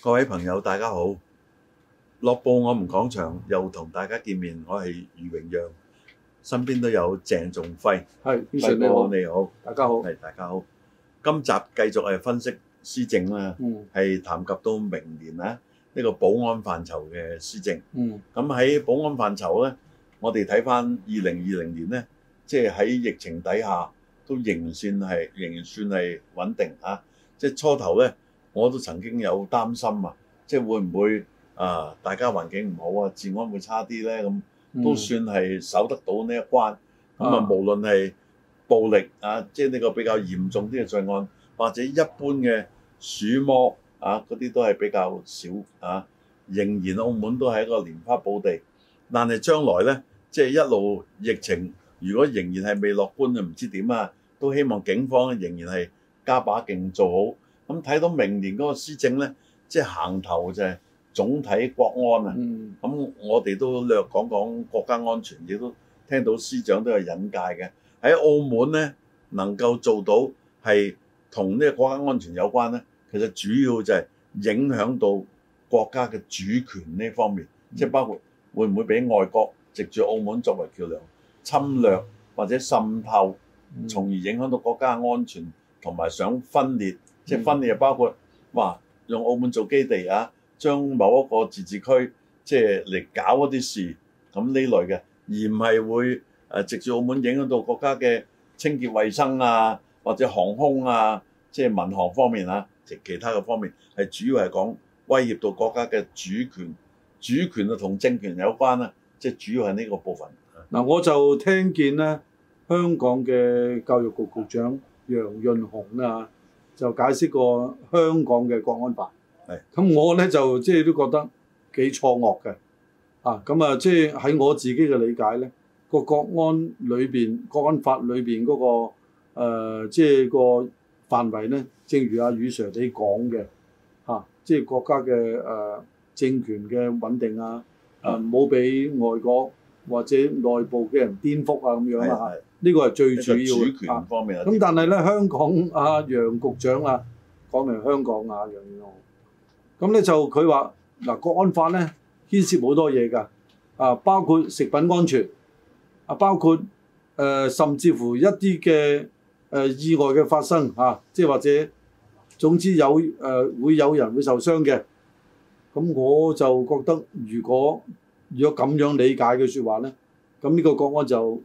各位朋友，大家好！樂報我們講場又同大家見面，我係余榮陽，身邊都有鄭仲輝。係，你好，你好，大家好，係大家好。今集繼續係分析施政啦，係談及到明年啦，呢個保安範疇嘅施政。嗯，咁喺保安範疇呢，我哋睇翻二零二零年呢。即係喺疫情底下都仍算係仍然算係穩定啊！即係初頭咧，我都曾經有擔心啊，即係會唔會啊，大家環境唔好啊，治安會差啲咧咁，嗯嗯、都算係守得到呢一關。咁啊，無論係暴力啊，即係呢個比較嚴重啲嘅罪案，或者一般嘅鼠魔啊，嗰啲都係比較少啊。仍然澳門都係一個蓮花寶地，但係將來咧，即係一路疫情。如果仍然係未樂觀就唔知點啊，都希望警方仍然係加把勁做好。咁睇到明年嗰個施政呢，即係行頭就係總體國安啊。咁我哋都略講講國家安全，亦都聽到司長都有引介嘅喺澳門呢，能夠做到係同呢個國家安全有關呢，其實主要就係影響到國家嘅主權呢方面，即係包括會唔會俾外國藉住澳門作為橋梁。侵略或者滲透，從、嗯、而影響到國家安全，同埋想分裂，嗯、即係分裂包括話用澳門做基地啊，將某一個自治區即係嚟搞一啲事咁呢類嘅，而唔係會誒直接澳門影響到國家嘅清潔衛生啊，或者航空啊，即係民航方面啊，即其他嘅方面係主要係講威脅到國家嘅主權主權啊同政權有關啦，即係主要係呢個部分。嗱，我就聽見咧，香港嘅教育局局長楊潤雄啦，就解釋過香港嘅國安法。係的，咁我咧就即係都覺得幾錯愕嘅。啊，咁啊，即係喺我自己嘅理解咧，個國安裏邊國安法裏邊嗰個即係、呃、個範圍咧，正如阿宇 Sir 你講嘅，嚇、啊，即係國家嘅誒、啊、政權嘅穩定啊，唔好俾外國。或者內部嘅人顛覆啊咁樣啦嚇，呢是個係最主要嚇方面啊。咁但係咧，香港阿、啊、楊局長啦、啊、講明香港啊楊咁咧就佢話嗱，國安法咧牽涉好多嘢㗎啊，包括食品安全啊，包括誒、呃、甚至乎一啲嘅誒意外嘅發生嚇、啊，即係或者總之有誒、呃、會有人會受傷嘅。咁我就覺得如果，如果咁樣理解嘅說話咧，咁呢個國安就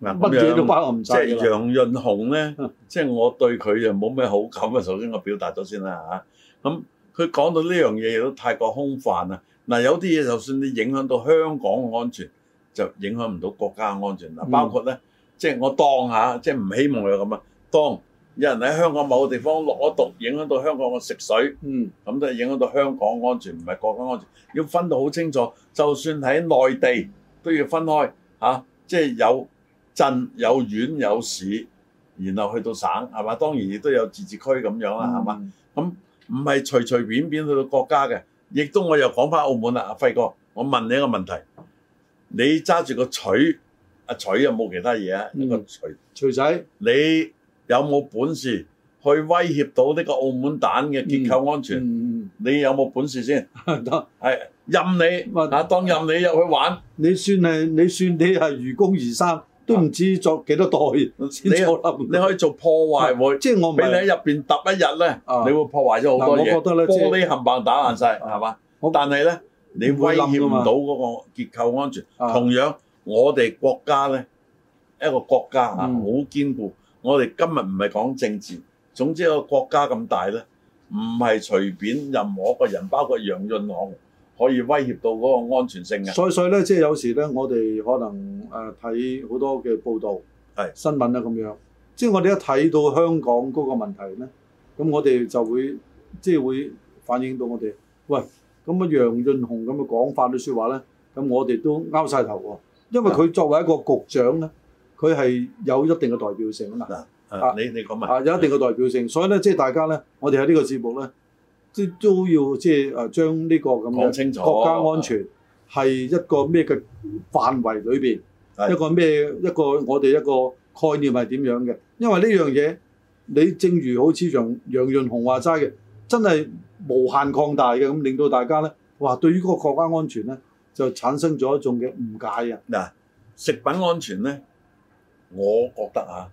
乜嘢都包含唔曬啦。即係、即係、楊潤雄咧， 即係我對佢又冇咩好感啊。首先我表達咗先啦嚇。咁、啊、佢講到呢樣嘢亦都太過空泛啦。嗱、啊，有啲嘢就算你影響到香港嘅安全，就影響唔到國家嘅安全。嗱，包括咧， 即係我當下，即係唔希望佢咁啊當。有人喺香港某個地方落咗毒，影響到香港嘅食水，嗯，咁都係影響到香港安全，唔係國家安全，要分到好清楚。就算喺內地都要分開，嚇、啊，即係有鎮、有縣、有市，然後去到省，係嘛？當然亦都有自治區咁樣啦，係嘛？咁唔係隨隨便便去到國家嘅，亦都我又講翻澳門啦，阿、啊、輝哥，我問你一個問題，你揸住個錘，阿、啊、錘有冇其他嘢啊？嗯、一個錘，錘仔，你。有冇本事去威脅到呢個澳門蛋嘅結構安全？你有冇本事先？係任你啊，當任你入去玩，你算係你算你係愚公移山，都唔知作幾多代先你可以做破壞喎，即係我俾你喺入邊揼一日咧，你會破壞咗好多嘢。我覺得咧，玻璃冚唪唥打爛晒，係嘛？但係咧，你威脅唔到嗰個結構安全。同樣，我哋國家咧，一個國家啊，好堅固。我哋今日唔係講政治，總之個國家咁大咧，唔係隨便任何一個人，包括楊潤雄，可以威脅到嗰個安全性嘅。所以咧，即係有時咧，我哋可能誒睇好多嘅報道，係新聞啊咁樣。是即係我哋一睇到香港嗰個問題咧，咁我哋就會即係會反映到我哋，喂，咁啊楊潤雄咁嘅講法啲說話咧，咁我哋都拗晒頭喎，因為佢作為一個局長咧。佢係有一定嘅代表性你啊，嗱，你說啊你你講埋啊有一定嘅代表性，所以咧，即係大家咧，我哋喺呢個節目咧，即係都要即係誒將呢個咁樣清楚。國家安全係一個咩嘅範圍裏邊的，一個咩一個我哋一個概念係點樣嘅？因為呢樣嘢，你正如好似楊楊潤雄話齋嘅，真係無限擴大嘅咁，令到大家咧哇，對於嗰個國家安全咧就產生咗一種嘅誤解啊！嗱，食品安全咧。我覺得啊，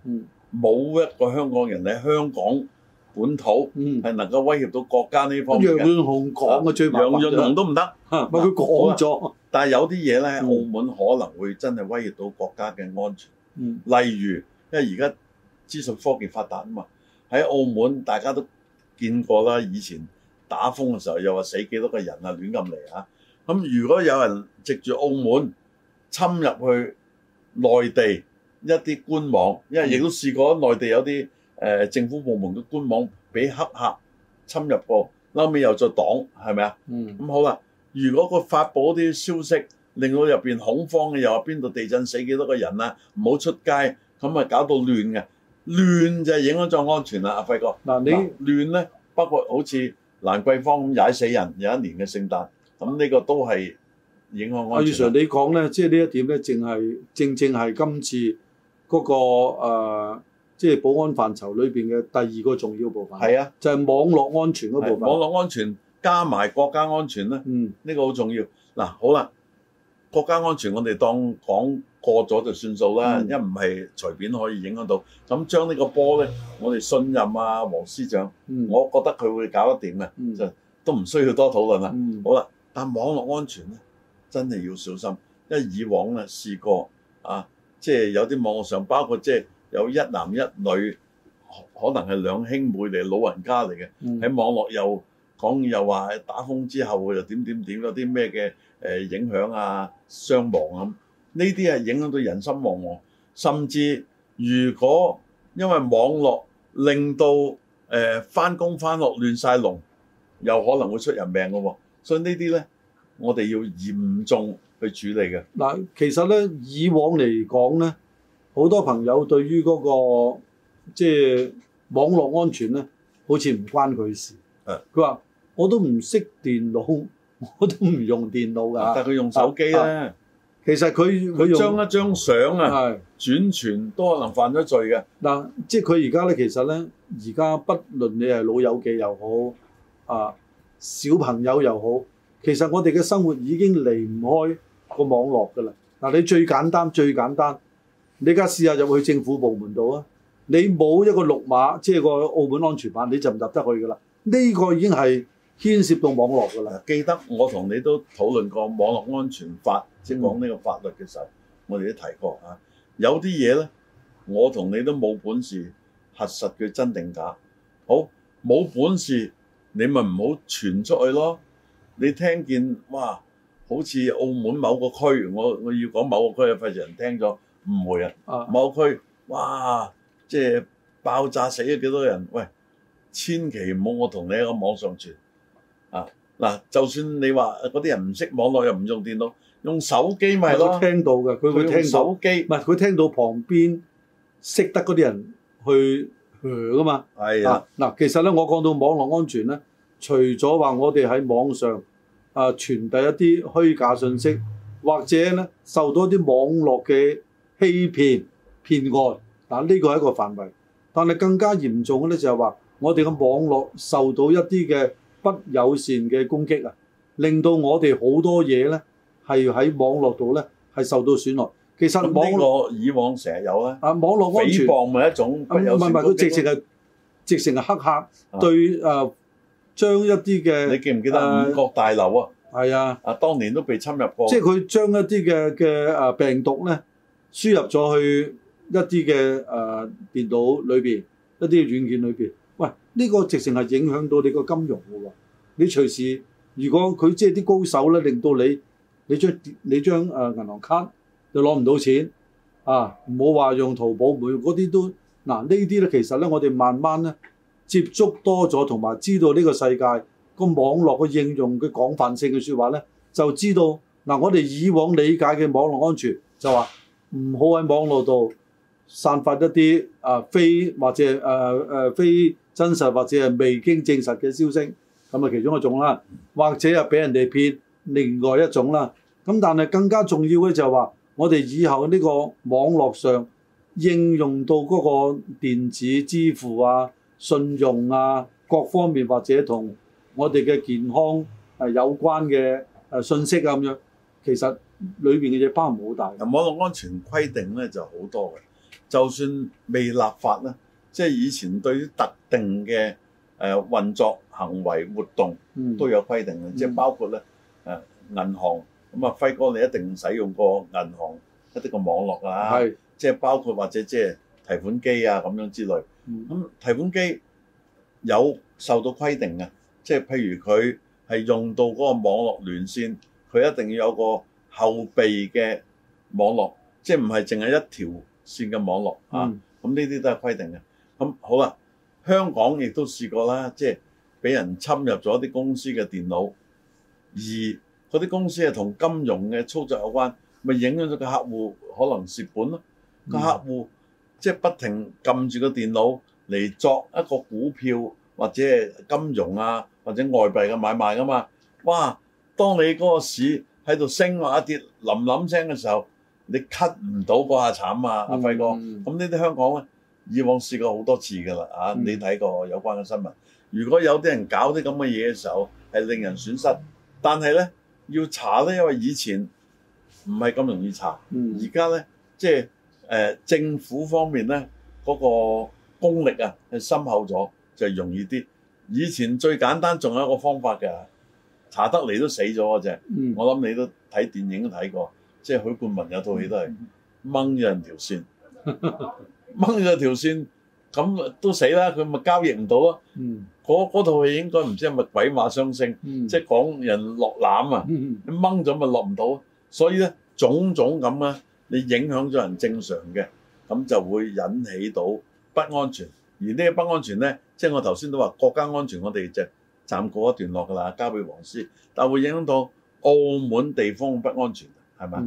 冇一個香港人喺香港本土係能夠威脅到國家呢方面嘅、嗯。楊潤雄講嘅最猛、啊，楊潤雄都唔得。咪佢講咗，但係有啲嘢咧，澳門可能會真係威脅到國家嘅安全。例如，因為而家資訊科技發達啊嘛，喺澳門大家都見過啦。以前打風嘅時候，又話死幾多個人啊，亂咁嚟啊。咁、嗯嗯、如果有人藉住澳門侵入去內地，一啲官網，因為亦都試過內地有啲、呃、政府部門嘅官網俾黑客侵入過，後尾又再擋，係咪啊？嗯。咁好啦，如果佢發布啲消息令到入面恐慌嘅，又話邊度地震死幾多個人啊？唔好出街，咁咪搞到亂嘅，亂就影響咗安全啦，阿輝哥。嗱、啊，你、啊、亂咧，包括好似蘭桂坊咁踩死人，有一年嘅聖誕，咁呢個都係影響安全。全。瑞常，你講咧，即係呢一點咧，正係正正係今次。嗰個，呃，即係保安範疇裏面嘅第二個重要部分，係啊，就係網絡安全嗰部分。網絡安全加埋國家安全咧，嗯，呢個好重要。嗱，好啦，國家安全我哋當講過咗就算數啦，因為唔係隨便可以影響到。咁將呢個波咧，我哋信任啊黃司長，嗯，我覺得佢會搞得掂嘅，嗯，就都唔需要多討論啦。嗯，好啦，但網絡安全咧，真係要小心，因為以往呢試過啊，試過啊。即係有啲網絡上，包括即係有一男一女，可能係兩兄妹嚟，老人家嚟嘅，喺網絡又講又話打風之後又點點點嗰啲咩嘅誒影響啊、傷亡咁，呢啲係影響到人心惶惶，甚至如果因為網絡令到誒翻工翻落亂曬龍，又可能會出人命嘅喎，所以呢啲咧我哋要嚴重。去處理嘅嗱，其實咧以往嚟講咧，好多朋友對於嗰個即係網絡安全咧，好似唔關佢事。誒係，佢話我都唔識電腦，我都唔用電腦㗎。但係佢用手機咧、啊啊啊，其實佢佢將一張相啊係轉傳都可能犯咗罪嘅。嗱、啊，即係佢而家咧，其實咧，而家不論你係老友記又好啊，小朋友又好，其實我哋嘅生活已經離唔開個網絡㗎啦，嗱你最簡單最簡單，你而家試下入去政府部門度啊，你冇一個綠碼，即係個澳門安全法，你就唔入得去㗎啦。呢個已經係牽涉到網絡㗎啦。記得我同你都討論過網絡安全法，即係講呢個法律嘅時候，我哋都提過啊。有啲嘢咧，我同你都冇本事核實嘅真定假。好冇本事，你咪唔好傳出去咯。你聽見哇？好似澳門某個區，我我要講某個區啊，費事人聽咗誤會啊！某個區，哇，即係爆炸死咗幾多人？喂，千祈唔好我同你喺個網上傳啊！嗱，就算你話嗰啲人唔識網絡又唔用電腦，用手機咪咯，我都聽到嘅，佢會聽到手機，唔係佢聽到旁邊識得嗰啲人去響啊嘛。係啊，嗱，其實咧，我講到網絡安全咧，除咗話我哋喺網上。誒、啊、傳遞一啲虛假信息，或者咧受到一啲網絡嘅欺騙騙案，嗱，呢個係一個範圍。但係更加嚴重嘅咧就係話，我哋嘅網絡受到一啲嘅不友善嘅攻擊啊，令到我哋好多嘢咧係喺網絡度咧係受到損害。其實網絡呢以往成日有啦，啊，網絡詆譭咪一種不友善攻擊，唔係唔係佢直情係直情係黑客對誒。啊將一啲嘅你記唔記得五角大樓啊？係啊！啊，啊，當年都被侵入過。即係佢將一啲嘅嘅病毒咧輸入咗去一啲嘅誒電腦裏邊一啲軟件裏面。喂，呢、呢個直情係影響到你個金融嘅喎。你隨時如果佢即係啲高手咧，令到你你將你將、啊、銀行卡就攞唔到錢啊！唔好話用淘寶，唔用嗰啲都嗱、啊、呢啲咧，其實咧我哋慢慢咧。接觸多咗，同埋知道呢個世界個網絡嘅應用嘅廣泛性嘅說話咧，就知道嗱、啊，我哋以往理解嘅網絡安全就話唔好喺網絡度散發一啲啊非或者誒、啊啊、非真實或者係未經證實嘅消息，咁啊其中一種啦，或者係俾人哋騙，另外一種啦。咁但係更加重要嘅就係話，我哋以後呢個網絡上應用到嗰個電子支付啊～信用啊，各方面或者同我哋嘅健康係有關嘅，誒信息啊咁樣，其實裏邊嘅嘢，包含好大嘅，網絡安全規定咧就好多嘅，就算未立法咧，即係以前對於特定嘅誒運作行為活動都有規定嘅，嗯、即係包括咧誒銀行咁啊，輝哥你一定使用過銀行一啲嘅網絡啦，是即係包括或者即係提款機啊咁樣之類。咁、嗯、提款機有受到規定嘅，即、就、係、是、譬如佢係用到嗰個網絡連線，佢一定要有個後備嘅網絡，即係唔係淨係一條線嘅網絡、嗯、啊？咁呢啲都係規定嘅。咁好啦，香港亦都試過啦，即係俾人侵入咗啲公司嘅電腦，而嗰啲公司係同金融嘅操作有關，咪影響咗個客戶可能蝕本咯，個、嗯、客戶。即係不停撳住個電腦嚟作一個股票或者係金融啊或者外幣嘅買賣噶嘛，哇！當你嗰個市喺度升一跌，冧冧聲嘅時候，你 cut 唔到嗰下慘啊！阿、啊、輝哥，咁呢啲香港咧，以往試過好多次㗎啦啊！你睇過有關嘅新聞。Mm hmm. 如果有啲人搞啲咁嘅嘢嘅時候，係令人損失。Mm hmm. 但係咧，要查咧，因為以前唔係咁容易查，而家咧即係。Hmm. 誒、呃、政府方面咧，嗰、嗰個功力啊，深厚咗，就容易啲。以前最簡單仲有一個方法嘅，查德利都死咗嗰隻，嗯、我諗你都睇電影都睇過，即係許冠文有套戲都係掹咗人條線 一條線，掹咗條線咁都死啦，佢咪交易唔到啊。嗰嗰套戲應該唔知係咪鬼馬雙星、嗯、即係講人落籃啊，掹咗咪落唔到，啊，所以咧種種咁啊。你影響咗人正常嘅，咁就會引起到不安全。而呢個不安全咧，即係我頭先都話國家安全，我哋就暫告一段落㗎啦，交俾黃師。但係會影響到澳門地方不安全，係咪？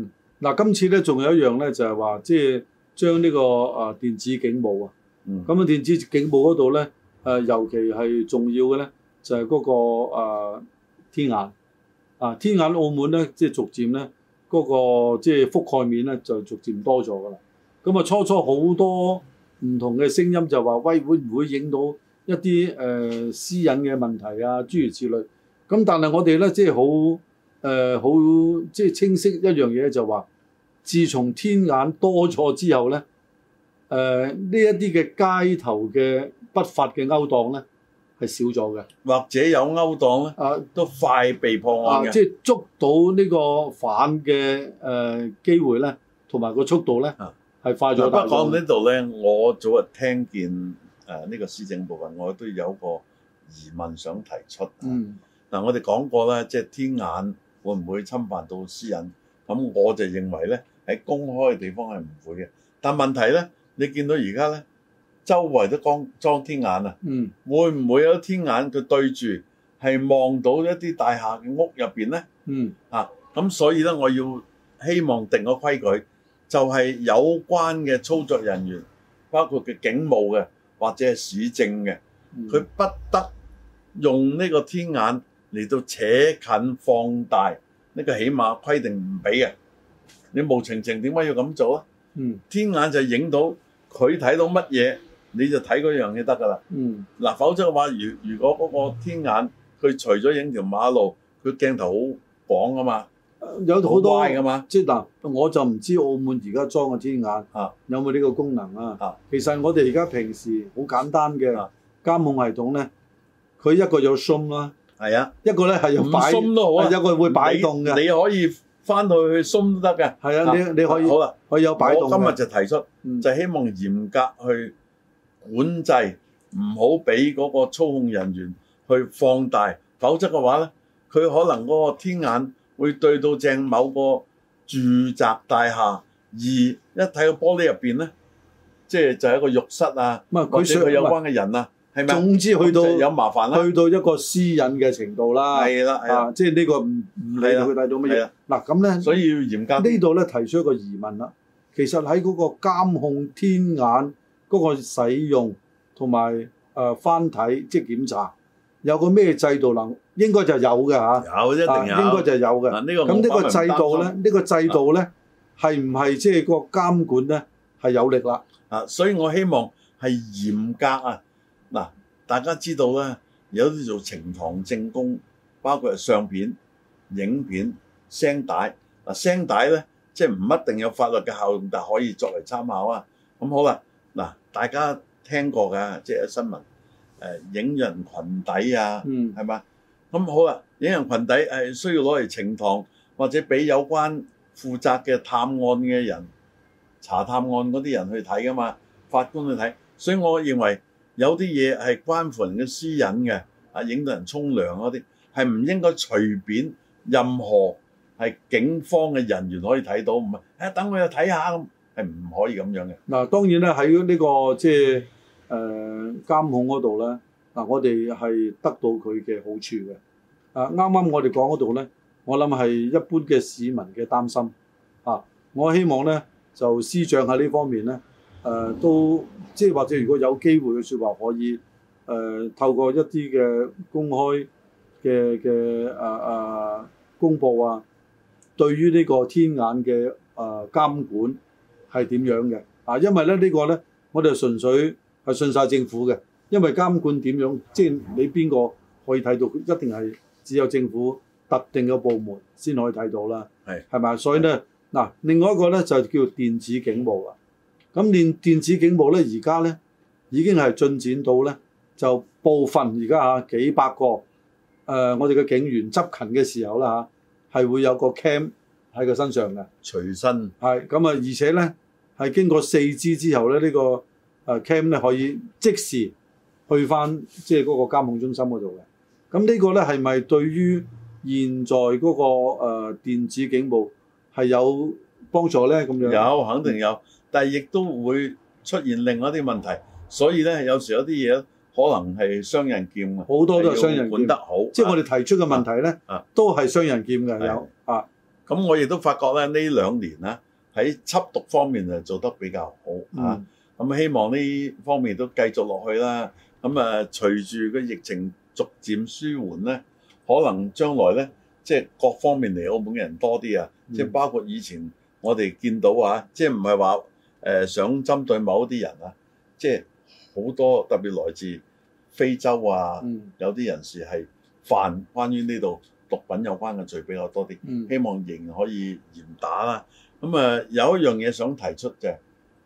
嗱、嗯，今次咧仲有一樣咧，就係話即係將呢個啊電子警務啊，咁啊、嗯、電子警務嗰度咧，誒尤其係重要嘅咧，就係、是、嗰、那個、呃、天眼啊，天眼澳門咧，即、就、係、是、逐漸咧。嗰個即係覆蓋面咧，就逐漸多咗㗎喇。咁啊，初初好多唔同嘅聲音就話：威會唔會影到一啲誒、呃、私隱嘅問題啊？諸如此類。咁但係我哋咧，即係好誒，好即係清晰一樣嘢就話、係，自從天眼多咗之後咧，誒呢一啲嘅街頭嘅不法嘅勾當咧。係少咗嘅，或者有勾當咧？啊，都快被破案嘅、啊啊，即係捉到呢個犯嘅誒機會咧，同埋個速度咧係、啊、快咗。不過講呢度咧，我早日聽見誒呢、啊呢個施政部分，我都有個疑問想提出。嗯，嗱、啊，我哋講過啦，即係天眼會唔會侵犯到私隱？咁我就認為咧，喺公開嘅地方係唔會嘅。但問題咧，你見到而家咧？周圍都裝裝天眼啊！嗯，會唔會有天眼佢對住係望到一啲大廈嘅屋入邊咧？嗯、啊，咁所以咧，我要希望定個規矩，就係、是、有關嘅操作人員，包括嘅警務嘅或者係市政嘅，佢、嗯、不得用呢個天眼嚟到扯近放大。呢、這個起碼規定唔俾啊。你無情情點解要咁做啊？嗯，天眼就影到佢睇到乜嘢。你就睇嗰樣嘢得㗎啦。嗯，嗱，否則嘅話，如如果嗰個天眼佢除咗影條馬路，佢鏡頭好廣啊嘛，有好多係嘅嘛。即嗱，我就唔知澳門而家裝個天眼，有冇呢個功能啊？其實我哋而家平時好簡單嘅監控系統咧，佢一個有 zoom 啦，係啊，一個咧係有擺 zoom 都好啊，一個會擺動嘅。你可以翻去 zoom 都得嘅。係啊，你你可以好啊。可以有擺動嘅。我今日就提出，就希望嚴格去。管制唔好俾嗰個操控人員去放大，否則嘅話咧，佢可能嗰個天眼會對到正某個住宅大廈，而一睇個玻璃入邊咧，即係就係一個浴室啊，說或者佢有關嘅人啊，係嘛？總之去到係咪有麻煩啦、啊，去到一個私隱嘅程度啦，係啦，係啊，係的即係呢個唔唔理佢帶到乜嘢。嗱咁咧，啊、呢所以要嚴格。呢度咧提出一個疑問啦，其實喺嗰個監控天眼。嗰個使用同埋誒翻睇即係檢查有個咩制度能應該就有嘅有一定有，應該就有嘅。咁呢個，個制度咧，呢個制度咧係唔係即係個監管咧係有力啦？啊，所以我希望係嚴格啊！嗱、啊，大家知道咧、啊、有啲做呈堂證供，包括係相片、影片、聲帶嗱聲帶咧，即係唔一定有法律嘅效用，但可以作為參考啊！咁、啊嗯、好啦。大家聽過㗎，即係新聞誒、呃，影人裙底啊，係嘛、嗯？咁好啊，影人裙底係需要攞嚟呈堂，或者俾有關負責嘅探案嘅人查探案嗰啲人去睇㗎嘛，法官去睇。所以，我認為有啲嘢係關乎人嘅私隱嘅，啊，影到人沖涼嗰啲係唔應該隨便任何係警方嘅人員可以睇到，唔係啊，等佢去睇下咁。係唔可以咁樣嘅嗱。當然咧，喺呢個即係誒監控嗰度咧，嗱、呃、我哋係得到佢嘅好處嘅。誒啱啱我哋講嗰度咧，我諗係一般嘅市民嘅擔心嚇、啊。我希望咧，就司長喺呢方面咧誒、呃、都即係或者如果有機會嘅説話可以誒、呃、透過一啲嘅公開嘅嘅誒誒公佈啊，對於呢個天眼嘅誒監管。係點樣嘅啊？因為咧呢、呢個咧，我哋純粹係信晒政府嘅，因為監管點樣，即係你邊個可以睇到？一定係只有政府特定嘅部門先可以睇到啦。係係咪？所以咧嗱、啊，另外一個咧就叫電子警務啦。咁電子警務咧，而家咧已經係進展到咧，就部分而家嚇幾百個誒、呃，我哋嘅警員執勤嘅時候啦、啊、嚇，係會有個 cam 喺佢身上嘅，隨身係咁啊，而且咧。係經過四 G 之後咧，呢、呢個誒 Cam 咧可以即時去翻即係嗰個監控中心嗰度嘅。咁呢個咧係咪對於現在嗰、嗰個誒、呃、電子警報係有幫助咧？咁樣有肯定有，但亦都會出現另外一啲問題。所以咧，有時有啲嘢可能係雙刃劍，好多都係雙刃劍。人劍管得好，啊、即係我哋提出嘅問題咧、啊，啊都係雙刃劍嘅的有啊。咁我亦都發覺咧呢兩年咧。喺緝毒方面啊，做得比較好嚇、啊，咁、嗯啊、希望呢方面都繼續落去啦。咁啊，隨住個疫情逐漸舒緩咧，可能將來咧，即係各方面嚟澳門嘅人多啲啊，即係、嗯、包括以前我哋見到啊，即係唔係話誒想針對某啲人啊，即係好多特別來自非洲啊，嗯、有啲人士係犯關於呢度毒品有關嘅罪比較多啲，嗯、希望仍然可以嚴打啦、啊。咁啊，有一樣嘢想提出嘅，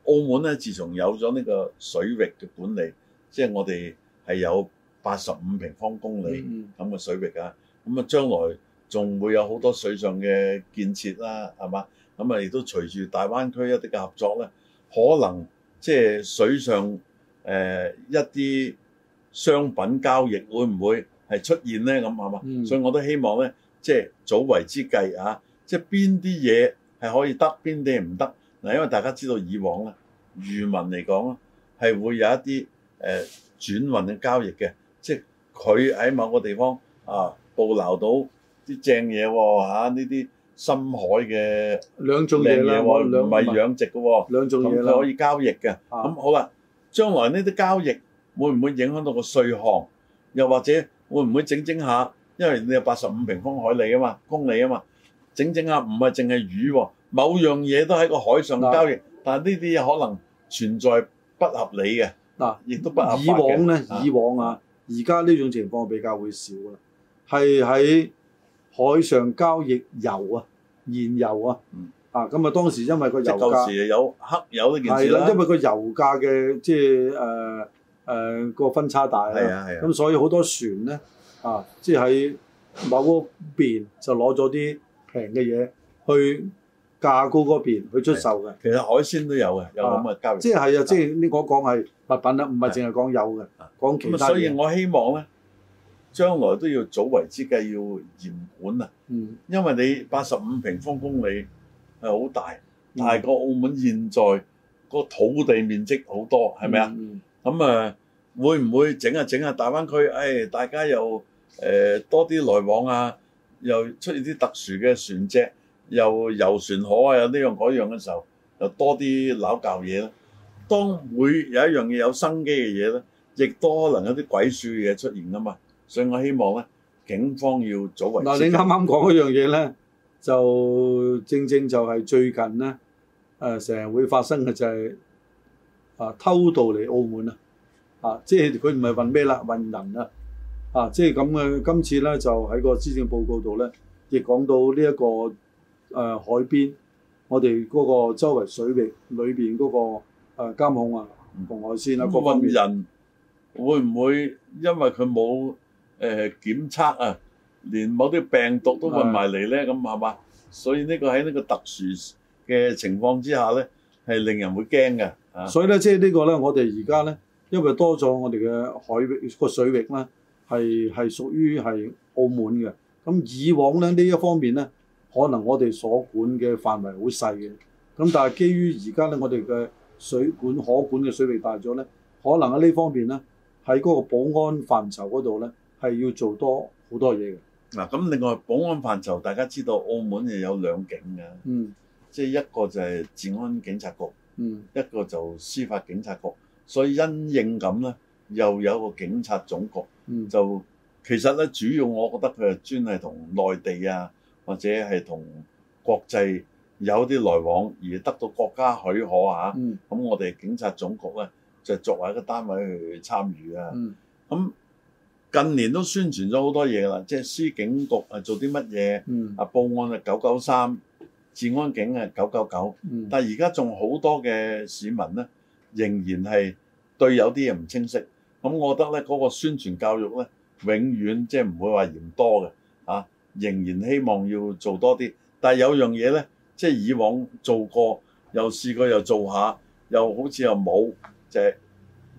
澳門咧，自從有咗呢個水域嘅管理，即係我哋係有八十五平方公里咁嘅水域嘅。咁啊，將來仲會有好多水上嘅建設啦，係嘛？咁啊，亦都隨住大灣區一啲嘅合作咧，可能即係水上誒一啲商品交易會唔會係出現咧？咁係嘛？嗯，所以我都希望咧，即係早為之計啊！即係邊啲嘢？係可以得邊啲唔得嗱？因為大家知道以往咧漁民嚟講啊，係會有一啲誒、呃、轉運嘅交易嘅，即係佢喺某個地方啊，捕撈到啲正嘢喎嚇，呢啲深海嘅兩種嘢啦，唔係養殖嘅，兩種嘢可以交易嘅。咁、啊嗯、好啦，將來呢啲交易會唔會影響到個稅項？又或者會唔會整整下？因為你有八十五平方海里啊嘛，公里啊嘛。整整啊，唔係淨係魚喎、哦，某樣嘢都喺個海上交易，嗯、但係呢啲可能存在不合理嘅，亦、嗯、都不合以往咧，啊、以往啊，而家呢種情況比較會少啦，係喺海上交易油啊，燃油啊，啊咁、嗯、啊，當時因為個油價，舊時又有黑油呢件事啦、啊，因為個油價嘅即係誒誒個分差大啊，咁所以好多船咧啊，即係喺某一邊就攞咗啲。平嘅嘢去價高嗰邊去出售嘅，其實海鮮都有嘅，有咁嘅交易。即係啊，即係呢個講係物品啦，唔係淨係講有嘅，講其他嘢。咁所以我希望咧，將來都要早為之計，要嚴管啊。嗯，因為你八十五平方公里係好大，但係個澳門現在個土地面積好多，係咪、嗯、啊，啊？咁誒會唔會整下整下大灣區？誒、哎，大家又誒、呃、多啲來往啊？又出現啲特殊嘅船隻，又遊船河啊，有呢樣嗰樣嘅時候，又多啲攪教嘢咧。當會有一樣嘢有生機嘅嘢咧，亦都可能有啲鬼鼠嘅嘢出現㗎嘛。所以我希望咧，警方要早維。你啱啱講嗰樣嘢咧，就正正就係最近咧，呃、成日會發生嘅就係、是、啊偷渡嚟澳門啊，啊即係佢唔係運咩啦，運人啊。啊，即係咁嘅，今次咧就喺個施政報告度咧，亦講到呢、這、一個誒、呃、海邊，我哋嗰個周圍水域裏邊嗰個誒監控啊，紅外線啊，嗰、那、部、個、人會唔會因為佢冇誒檢測啊，連某啲病毒都混埋嚟咧？咁係嘛？所以呢個喺呢個特殊嘅情況之下咧，係令人會驚嘅。啊、所以咧，即係呢個咧，我哋而家咧，因為多咗我哋嘅海域個水域啦。係係屬於係澳門嘅。咁以往咧呢呢一方面咧，可能我哋所管嘅範圍好細嘅。咁但係基於而家咧，我哋嘅水管可管嘅水平大咗咧，可能喺呢方面咧，喺嗰個保安範疇嗰度咧，係要做多好多嘢嘅。嗱、啊，咁另外保安範疇，大家知道澳門又有兩警嘅，嗯，即係一個就係治安警察局，嗯，一個就係司法警察局，嗯、所以因應咁咧，又有一個警察總局。嗯、就其實咧，主要我覺得佢係專係同內地啊，或者係同國際有啲來往而得到國家許可啊。咁、嗯、我哋警察總局咧就作為一個單位去參與啊。咁、嗯、近年都宣傳咗好多嘢啦，即係司警局係做啲乜嘢？啊、嗯、報案啊九九三，治安警啊九九九。但係而家仲好多嘅市民咧，仍然係對有啲嘢唔清晰。咁我覺得呢嗰個宣傳教育呢，永遠即係唔會話嫌多嘅啊，仍然希望要做多啲。但係有樣嘢呢，即係以往做過，又試過又做下，又好似又冇，就係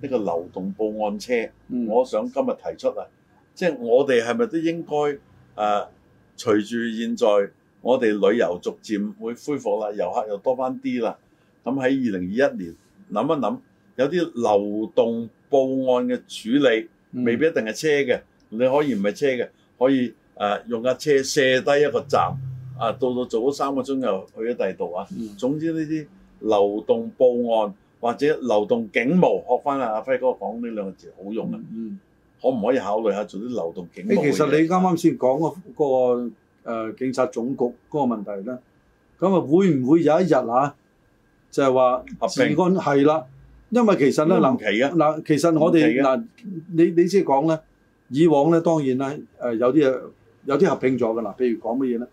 呢個流動報案車。嗯。我想今日提出啊，即係我哋係咪都應該誒、啊？隨住現在我哋旅遊逐漸會恢復啦，遊客又多翻啲啦。咁喺二零二一年諗一諗，有啲流動。報案嘅處理未必一定係車嘅，嗯、你可以唔係車嘅，可以誒、呃、用架車卸低一個站啊、呃，到到做咗三個鐘又去咗第二度啊。嗯、總之呢啲流動報案或者流動警務，嗯、學翻阿阿輝哥講呢兩個字好用啊。嗯、可唔可以考慮下做啲流動警務？其實你啱啱先講嗰個、啊呃、警察總局嗰個問題咧，咁啊會唔會有一日啊，就係話合併係啦？并因為其實咧，嘅嗱，其實我哋嗱，你你先講咧，以往咧當然啦，有啲有啲合併咗㗎啦，譬如講乜嘢咧？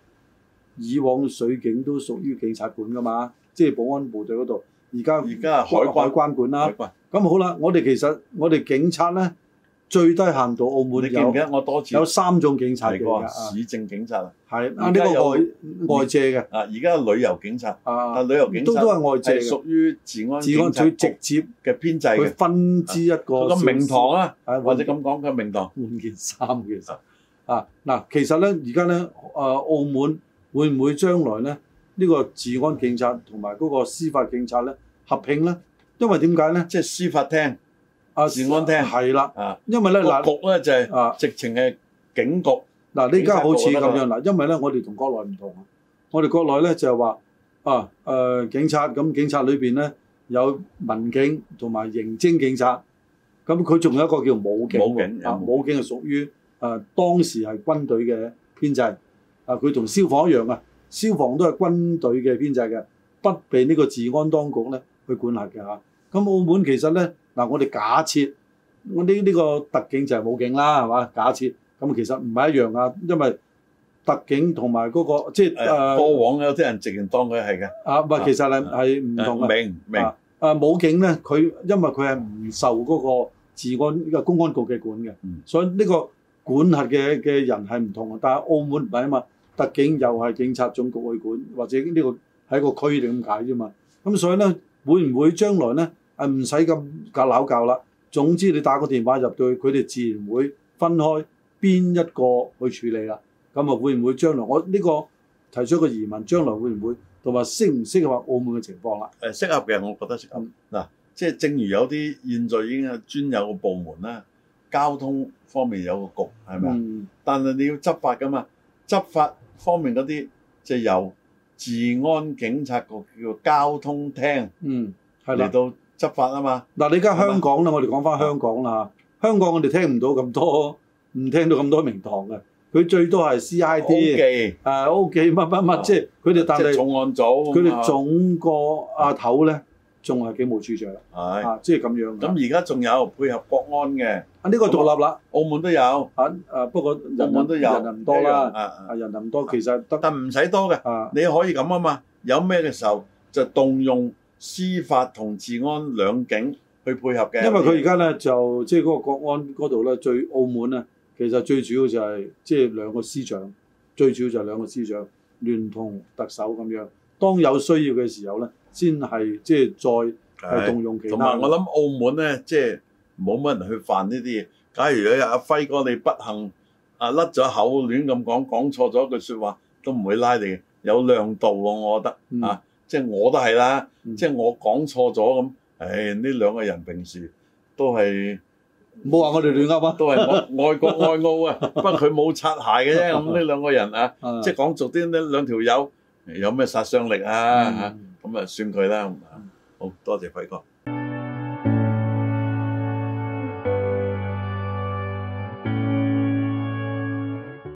以往水警都屬於警察管㗎嘛，即係保安部隊嗰度。而家而家海關管啦。咁關好啦，我哋其實我哋警察咧。最低限度澳門，你見唔見？我多次有三種警察嚟㗎，見見過市政警察係啊，而家係有外借嘅啊，而家旅遊警察啊，旅遊警察都都係外借嘅，屬於治安警察，治安最直接嘅編制嘅，啊、去分支一個名堂啊，或者咁講嘅名堂，換件衫其實啊，嗱，其實咧，而家咧，誒，澳門會唔會將來咧呢、呢個治安警察同埋嗰個司法警察咧合併咧？因為點解咧？即係司法廳。阿治安廳係啦，啊啊、因為咧嗱，局咧、啊、就係直情嘅警局嗱。呢家、啊、好似咁樣嗱，啊、因為咧我哋同國內唔同們內啊。我哋國內咧就係話啊誒，警察咁，那警察裏邊咧有民警同埋營偵警察咁，佢仲有一個叫武警，武警啊。武警係屬於誒、啊、當時係軍隊嘅編制啊。佢同消防一樣啊，消防都係軍隊嘅編制嘅，不被呢個治安當局咧去管轄嘅嚇。咁澳門其實咧。嗱、啊，我哋假設我呢呢個特警就係武警啦，係嘛？假設咁其實唔係一樣啊，因為特警同埋嗰個即係誒，過往有啲人直情當佢係嘅。啊，唔其實係唔、啊、同嘅。明明、啊、武警咧，佢因為佢係唔受嗰個治安公安局嘅管嘅，嗯、所以呢個管轄嘅嘅人係唔同嘅。但係澳門唔係啊嘛，特警又係警察總局去管，或者呢個係一個區點解啫嘛。咁所以咧，會唔會將來咧？誒唔使咁搞攪教啦。惱惱總之你打個電話入到去，佢哋自然會分開邊一個去處理啦。咁啊會唔會將來我呢個提出個個疑問，將來會唔會同埋適唔適合澳門嘅情況啦？誒適合嘅，我覺得適合嗱，即係、嗯、正如有啲現在已經有專有個部門啦，交通方面有個局係咪啊？嗯、但係你要執法㗎嘛？執法方面嗰啲即係由治安警察局叫交通廳，嗯，係嚟到。執法啊嘛，嗱你而家香港啦，我哋講翻香港啦嚇。香港我哋聽唔到咁多，唔聽到咁多名堂嘅。佢最多係 C.I.D. 記、O 記、乜乜乜，即係佢哋但係重案組，佢哋總個阿頭咧，仲係警務處長，係即係咁樣。咁而家仲有配合國安嘅，啊呢個獨立啦，澳門都有啊，啊不過澳門都有，人唔多啦，啊人唔多其實，但唔使多嘅，你可以咁啊嘛，有咩嘅時候就動用。司法同治安兩警去配合嘅，因為佢而家咧就即係嗰個國安嗰度咧，最澳門咧，其實最主要就係即係兩個司長，最主要就係兩個司長聯同特首咁樣，當有需要嘅時候咧，先係即係再去動用其他。同埋我諗澳門咧，即係冇乜人去犯呢啲嘢。假如你阿輝哥你不幸啊甩咗口亂咁講，講錯咗一句説話，都唔會拉你嘅，有量度喎，我覺得啊。嗯即係我都係啦，嗯、即係我講錯咗咁，誒呢、哎、兩個人平時都係，冇話我哋亂噏啊，都係 愛國愛澳啊， 不過佢冇擦鞋嘅啫，咁呢兩個人啊，嗯、即係講俗啲，呢兩條友有咩殺傷力啊嚇？咁、嗯、啊就算佢啦，好多謝輝哥。